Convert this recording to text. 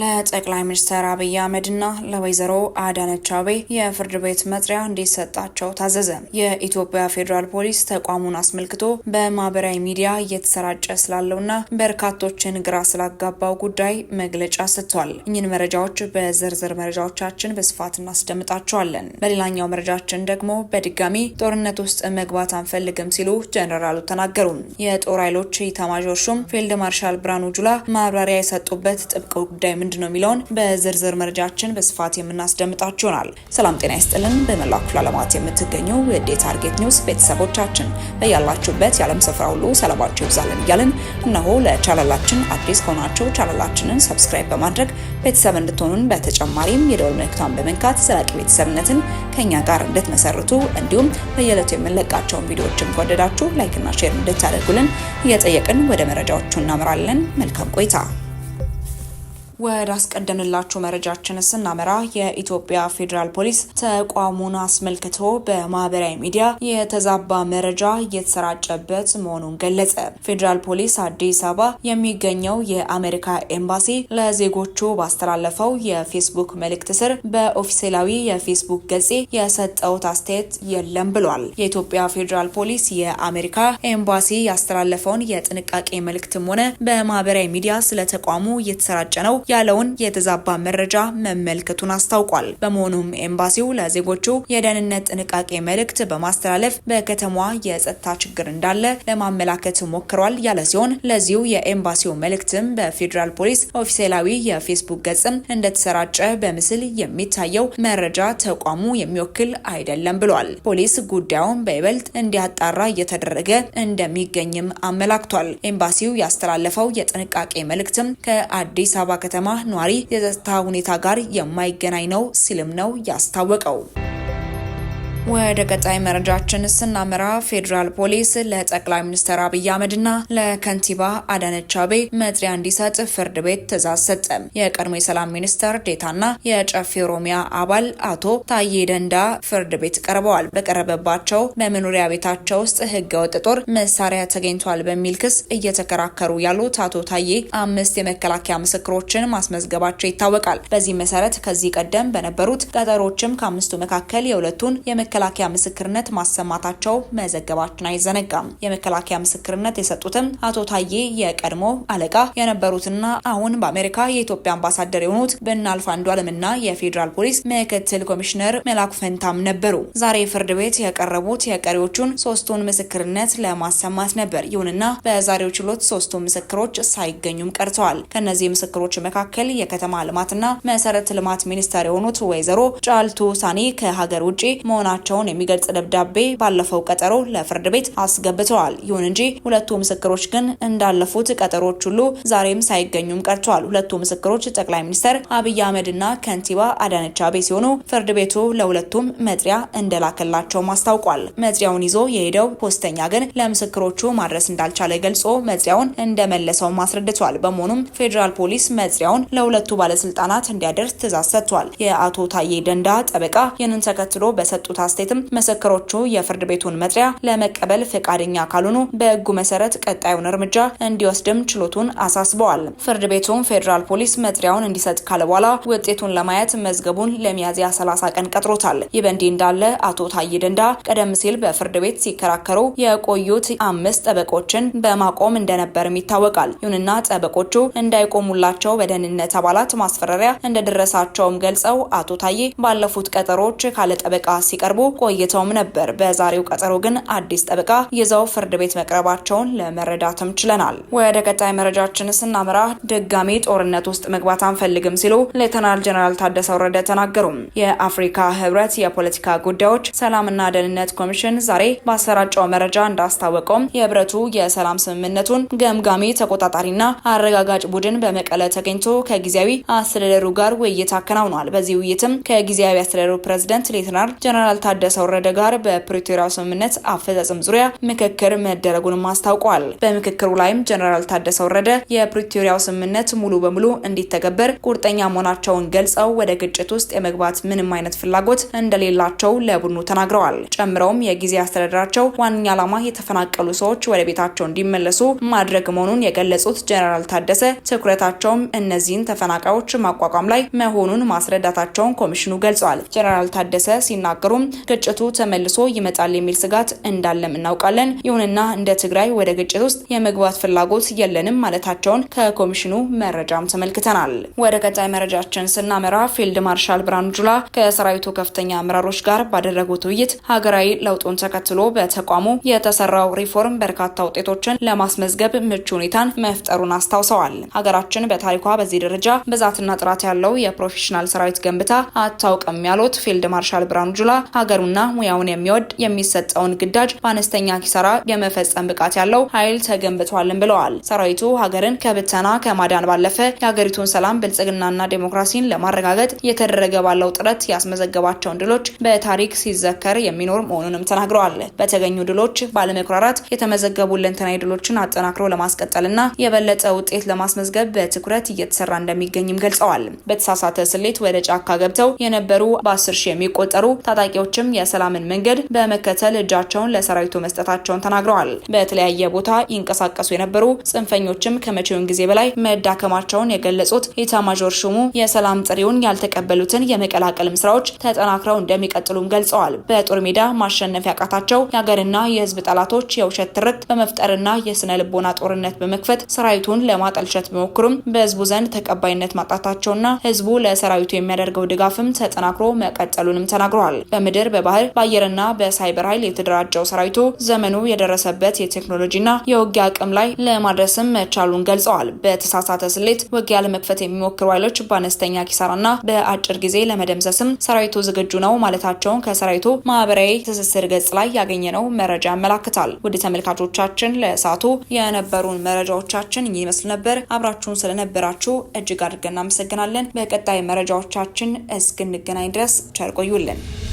ለጠቅላይ ሚኒስትር አብይ አህመድና ለወይዘሮ አዳነች አቤ የፍርድ ቤት መጥሪያ እንዲሰጣቸው ታዘዘ። የኢትዮጵያ ፌዴራል ፖሊስ ተቋሙን አስመልክቶ በማህበራዊ ሚዲያ እየተሰራጨ ስላለውና በርካቶችን ግራ ስላጋባው ጉዳይ መግለጫ ሰጥቷል። እኝን መረጃዎች በዝርዝር መረጃዎቻችን በስፋት እናስደምጣቸዋለን። በሌላኛው መረጃችን ደግሞ በድጋሚ ጦርነት ውስጥ መግባት አንፈልግም ሲሉ ጀኔራሉ ተናገሩ። የጦር ኃይሎች ኢታማዦር ሹም ፊልድ ማርሻል ብርሃኑ ጁላ ማብራሪያ የሰጡበት ጥብቅ ጉዳይ ምንድን ነው የሚለውን በዝርዝር መረጃችን በስፋት የምናስደምጣችሁ ይሆናል። ሰላም ጤና ይስጥልን። በመላው ክፍለ ዓለማት የምትገኙ የዴ ታርጌት ኒውስ ቤተሰቦቻችን በያላችሁበት የዓለም ስፍራ ሁሉ ሰላማችሁ ይብዛልን እያልን እነሆ ለቻናላችን አዲስ ከሆናችሁ ቻናላችንን ሰብስክራይብ በማድረግ ቤተሰብ እንድትሆኑን በተጨማሪም የደወል ምልክቷን በመንካት ዘላቂ ቤተሰብነትን ከኛ ጋር እንድትመሰርቱ እንዲሁም በየዕለቱ የምንለቃቸውን ቪዲዮዎችን ከወደዳችሁ ላይክና ሼር እንድታደርጉልን እየጠየቅን ወደ መረጃዎቹ እናምራለን። መልካም ቆይታ ወደ አስቀደምንላችሁ መረጃችን ስናመራ የኢትዮጵያ ፌዴራል ፖሊስ ተቋሙን አስመልክቶ በማህበራዊ ሚዲያ የተዛባ መረጃ እየተሰራጨበት መሆኑን ገለጸ። ፌዴራል ፖሊስ አዲስ አበባ የሚገኘው የአሜሪካ ኤምባሲ ለዜጎቹ ባስተላለፈው የፌስቡክ መልእክት ስር በኦፊሴላዊ የፌስቡክ ገጼ የሰጠውት አስተያየት የለም ብሏል። የኢትዮጵያ ፌዴራል ፖሊስ የአሜሪካ ኤምባሲ ያስተላለፈውን የጥንቃቄ መልእክትም ሆነ በማህበራዊ ሚዲያ ስለ ተቋሙ እየተሰራጨ ነው ያለውን የተዛባ መረጃ መመልከቱን አስታውቋል። በመሆኑም ኤምባሲው ለዜጎቹ የደህንነት ጥንቃቄ መልእክት በማስተላለፍ በከተማዋ የጸጥታ ችግር እንዳለ ለማመላከት ሞክሯል ያለ ሲሆን ለዚሁ የኤምባሲው መልእክትም በፌዴራል ፖሊስ ኦፊሴላዊ የፌስቡክ ገጽም እንደተሰራጨ በምስል የሚታየው መረጃ ተቋሙ የሚወክል አይደለም ብሏል። ፖሊስ ጉዳዩን በይበልጥ እንዲያጣራ እየተደረገ እንደሚገኝም አመላክቷል። ኤምባሲው ያስተላለፈው የጥንቃቄ መልእክትም ከአዲስ አበባ ከተማ ነዋሪ የጸጥታ ሁኔታ ጋር የማይገናኝ ነው ሲልም ነው ያስታወቀው። ወደ ቀጣይ መረጃችን ስናመራ ፌዴራል ፖሊስ ለጠቅላይ ሚኒስትር አብይ አህመድና ለከንቲባ አዳነች አቤቤ መጥሪያ እንዲሰጥ ፍርድ ቤት ትእዛዝ ሰጠ። የቀድሞ የሰላም ሚኒስትር ዴታና የጨፌ ኦሮሚያ አባል አቶ ታዬ ደንዳ ፍርድ ቤት ቀርበዋል። በቀረበባቸው በመኖሪያ ቤታቸው ውስጥ ህገወጥ ጦር መሳሪያ ተገኝቷል በሚል ክስ እየተከራከሩ ያሉት አቶ ታዬ አምስት የመከላከያ ምስክሮችን ማስመዝገባቸው ይታወቃል። በዚህ መሰረት ከዚህ ቀደም በነበሩት ቀጠሮችም ከአምስቱ መካከል የሁለቱን የመከላከያ ምስክርነት ማሰማታቸው መዘገባችን አይዘነጋም። የመከላከያ ምስክርነት የሰጡትም አቶ ታዬ የቀድሞ አለቃ የነበሩትና አሁን በአሜሪካ የኢትዮጵያ አምባሳደር የሆኑት ብናልፍ አለምና የፌዴራል ፖሊስ ምክትል ኮሚሽነር መላኩ ፈንታም ነበሩ። ዛሬ ፍርድ ቤት የቀረቡት የቀሪዎቹን ሶስቱን ምስክርነት ለማሰማት ነበር። ይሁንና በዛሬው ችሎት ሶስቱ ምስክሮች ሳይገኙም ቀርተዋል። ከነዚህ ምስክሮች መካከል የከተማ ልማትና መሰረተ ልማት ሚኒስተር የሆኑት ወይዘሮ ጫልቱ ሳኒ ከሀገር ውጭ መሆናቸው መሆናቸውን የሚገልጽ ደብዳቤ ባለፈው ቀጠሮ ለፍርድ ቤት አስገብተዋል። ይሁን እንጂ ሁለቱ ምስክሮች ግን እንዳለፉት ቀጠሮች ሁሉ ዛሬም ሳይገኙም ቀርተዋል። ሁለቱ ምስክሮች ጠቅላይ ሚኒስትር አብይ አህመድና ከንቲባ አዳነች አቤቤ ሲሆኑ ፍርድ ቤቱ ለሁለቱም መጥሪያ እንደላከላቸውም አስታውቋል። መጥሪያውን ይዞ የሄደው ፖስተኛ ግን ለምስክሮቹ ማድረስ እንዳልቻለ ገልጾ መጥሪያውን እንደመለሰውም አስረድቷል። በመሆኑም ፌዴራል ፖሊስ መጥሪያውን ለሁለቱ ባለስልጣናት እንዲያደርስ ትእዛዝ ሰጥቷል። የአቶ ታዬ ደንዳ ጠበቃ ይህንን ተከትሎ በሰጡት ስቴትም ምስክሮቹ የፍርድ ቤቱን መጥሪያ ለመቀበል ፈቃደኛ ካልሆኑ በህጉ መሰረት ቀጣዩን እርምጃ እንዲወስድም ችሎቱን አሳስበዋል። ፍርድ ቤቱም ፌዴራል ፖሊስ መጥሪያውን እንዲሰጥ ካለ በኋላ ውጤቱን ለማየት መዝገቡን ለሚያዝያ 30 ቀን ቀጥሮታል። ይህ በእንዲህ እንዳለ አቶ ታዬ ደንዳ ቀደም ሲል በፍርድ ቤት ሲከራከሩ የቆዩት አምስት ጠበቆችን በማቆም እንደነበርም ይታወቃል። ይሁንና ጠበቆቹ እንዳይቆሙላቸው በደህንነት አባላት ማስፈራሪያ እንደደረሳቸውም ገልጸው አቶ ታዬ ባለፉት ቀጠሮች ካለ ጠበቃ ሲቀርቡ ቆይተውም ነበር። በዛሬው ቀጠሮ ግን አዲስ ጠበቃ ይዘው ፍርድ ቤት መቅረባቸውን ለመረዳትም ችለናል። ወደ ቀጣይ መረጃችን ስናመራ ድጋሚ ጦርነት ውስጥ መግባት አንፈልግም ሲሉ ሌተናል ጀነራል ታደሰ ወረደ ተናገሩ። የአፍሪካ ህብረት የፖለቲካ ጉዳዮች ሰላምና ደህንነት ኮሚሽን ዛሬ ባሰራጨው መረጃ እንዳስታወቀውም የህብረቱ የሰላም ስምምነቱን ገምጋሚ ተቆጣጣሪና አረጋጋጭ ቡድን በመቀለ ተገኝቶ ከጊዜያዊ አስተዳደሩ ጋር ውይይት አከናውኗል። በዚህ ውይይትም ከጊዜያዊ አስተዳደሩ ፕሬዝደንት ሌተናል ጀነራል ታደሰ ወረደ ጋር በፕሪቶሪያው ስምምነት አፈጻጸም ዙሪያ ምክክር መደረጉንም አስታውቋል። በምክክሩ ላይም ጀነራል ታደሰ ወረደ የፕሪቶሪያው ስምምነት ሙሉ በሙሉ እንዲተገበር ቁርጠኛ መሆናቸውን ገልጸው ወደ ግጭት ውስጥ የመግባት ምንም አይነት ፍላጎት እንደሌላቸው ለቡድኑ ተናግረዋል። ጨምረውም የጊዜ አስተዳደራቸው ዋነኛ ዓላማ የተፈናቀሉ ሰዎች ወደ ቤታቸው እንዲመለሱ ማድረግ መሆኑን የገለጹት ጀነራል ታደሰ ትኩረታቸውም እነዚህን ተፈናቃዮች ማቋቋም ላይ መሆኑን ማስረዳታቸውን ኮሚሽኑ ገልጿል። ጀነራል ታደሰ ሲናገሩም ግጭቱ ተመልሶ ይመጣል የሚል ስጋት እንዳለም እናውቃለን። ይሁንና እንደ ትግራይ ወደ ግጭት ውስጥ የመግባት ፍላጎት የለንም ማለታቸውን ከኮሚሽኑ መረጃም ተመልክተናል። ወደ ቀጣይ መረጃችን ስናመራ ፊልድ ማርሻል ብርሃኑ ጁላ ከሰራዊቱ ከፍተኛ አመራሮች ጋር ባደረጉት ውይይት ሀገራዊ ለውጡን ተከትሎ በተቋሙ የተሰራው ሪፎርም በርካታ ውጤቶችን ለማስመዝገብ ምቹ ሁኔታን መፍጠሩን አስታውሰዋል። ሀገራችን በታሪኳ በዚህ ደረጃ ብዛትና ጥራት ያለው የፕሮፌሽናል ሰራዊት ገንብታ አታውቅም ያሉት ፊልድ ማርሻል ብርሃኑ ጁላ ሀገሩና ሙያውን የሚወድ የሚሰጠውን ግዳጅ በአነስተኛ ኪሳራ የመፈጸም ብቃት ያለው ኃይል ተገንብቷልን ብለዋል። ሰራዊቱ ሀገርን ከብተና ከማዳን ባለፈ የሀገሪቱን ሰላም ብልጽግናና ዴሞክራሲን ለማረጋገጥ እየተደረገ ባለው ጥረት ያስመዘገባቸውን ድሎች በታሪክ ሲዘከር የሚኖር መሆኑንም ተናግረዋል። በተገኙ ድሎች ባለመኩራራት የተመዘገቡ ሁለንተናዊ ድሎችን አጠናክሮ ለማስቀጠልና የበለጠ ውጤት ለማስመዝገብ በትኩረት እየተሰራ እንደሚገኝም ገልጸዋል። በተሳሳተ ስሌት ወደ ጫካ ገብተው የነበሩ በአስር ሺህ የሚቆጠሩ ታጣቂዎች ሰዎችም የሰላምን መንገድ በመከተል እጃቸውን ለሰራዊቱ መስጠታቸውን ተናግረዋል። በተለያየ ቦታ ይንቀሳቀሱ የነበሩ ጽንፈኞችም ከመቼውን ጊዜ በላይ መዳከማቸውን የገለጹት ኢታማዦር ሹሙ የሰላም ጥሪውን ያልተቀበሉትን የመቀላቀልም ስራዎች ተጠናክረው እንደሚቀጥሉም ገልጸዋል። በጦር ሜዳ ማሸነፍ ያቃታቸው የሀገርና የህዝብ ጠላቶች የውሸት ትርክት በመፍጠርና የስነ ልቦና ጦርነት በመክፈት ሰራዊቱን ለማጠልሸት ቢሞክሩም በህዝቡ ዘንድ ተቀባይነት ማጣታቸውና ህዝቡ ለሰራዊቱ የሚያደርገው ድጋፍም ተጠናክሮ መቀጠሉንም ተናግረዋል። በምድር በአየር በባህር በአየርና በሳይበር ኃይል የተደራጀው ሰራዊቱ ዘመኑ የደረሰበት የቴክኖሎጂና የውጊያ አቅም ላይ ለማድረስም መቻሉን ገልጸዋል። በተሳሳተ ስሌት ውጊያ ለመክፈት የሚሞክሩ ኃይሎች በአነስተኛ ኪሳራና በአጭር ጊዜ ለመደምሰስም ሰራዊቱ ዝግጁ ነው ማለታቸውን ከሰራዊቱ ማህበራዊ ትስስር ገጽ ላይ ያገኘነው መረጃ ያመላክታል። ውድ ተመልካቾቻችን ለእሳቱ የነበሩን መረጃዎቻችን ይመስል ነበር። አብራችሁን ስለነበራችሁ እጅግ አድርገን እናመሰግናለን። በቀጣይ መረጃዎቻችን እስክንገናኝ ድረስ ቸር ቆዩልን።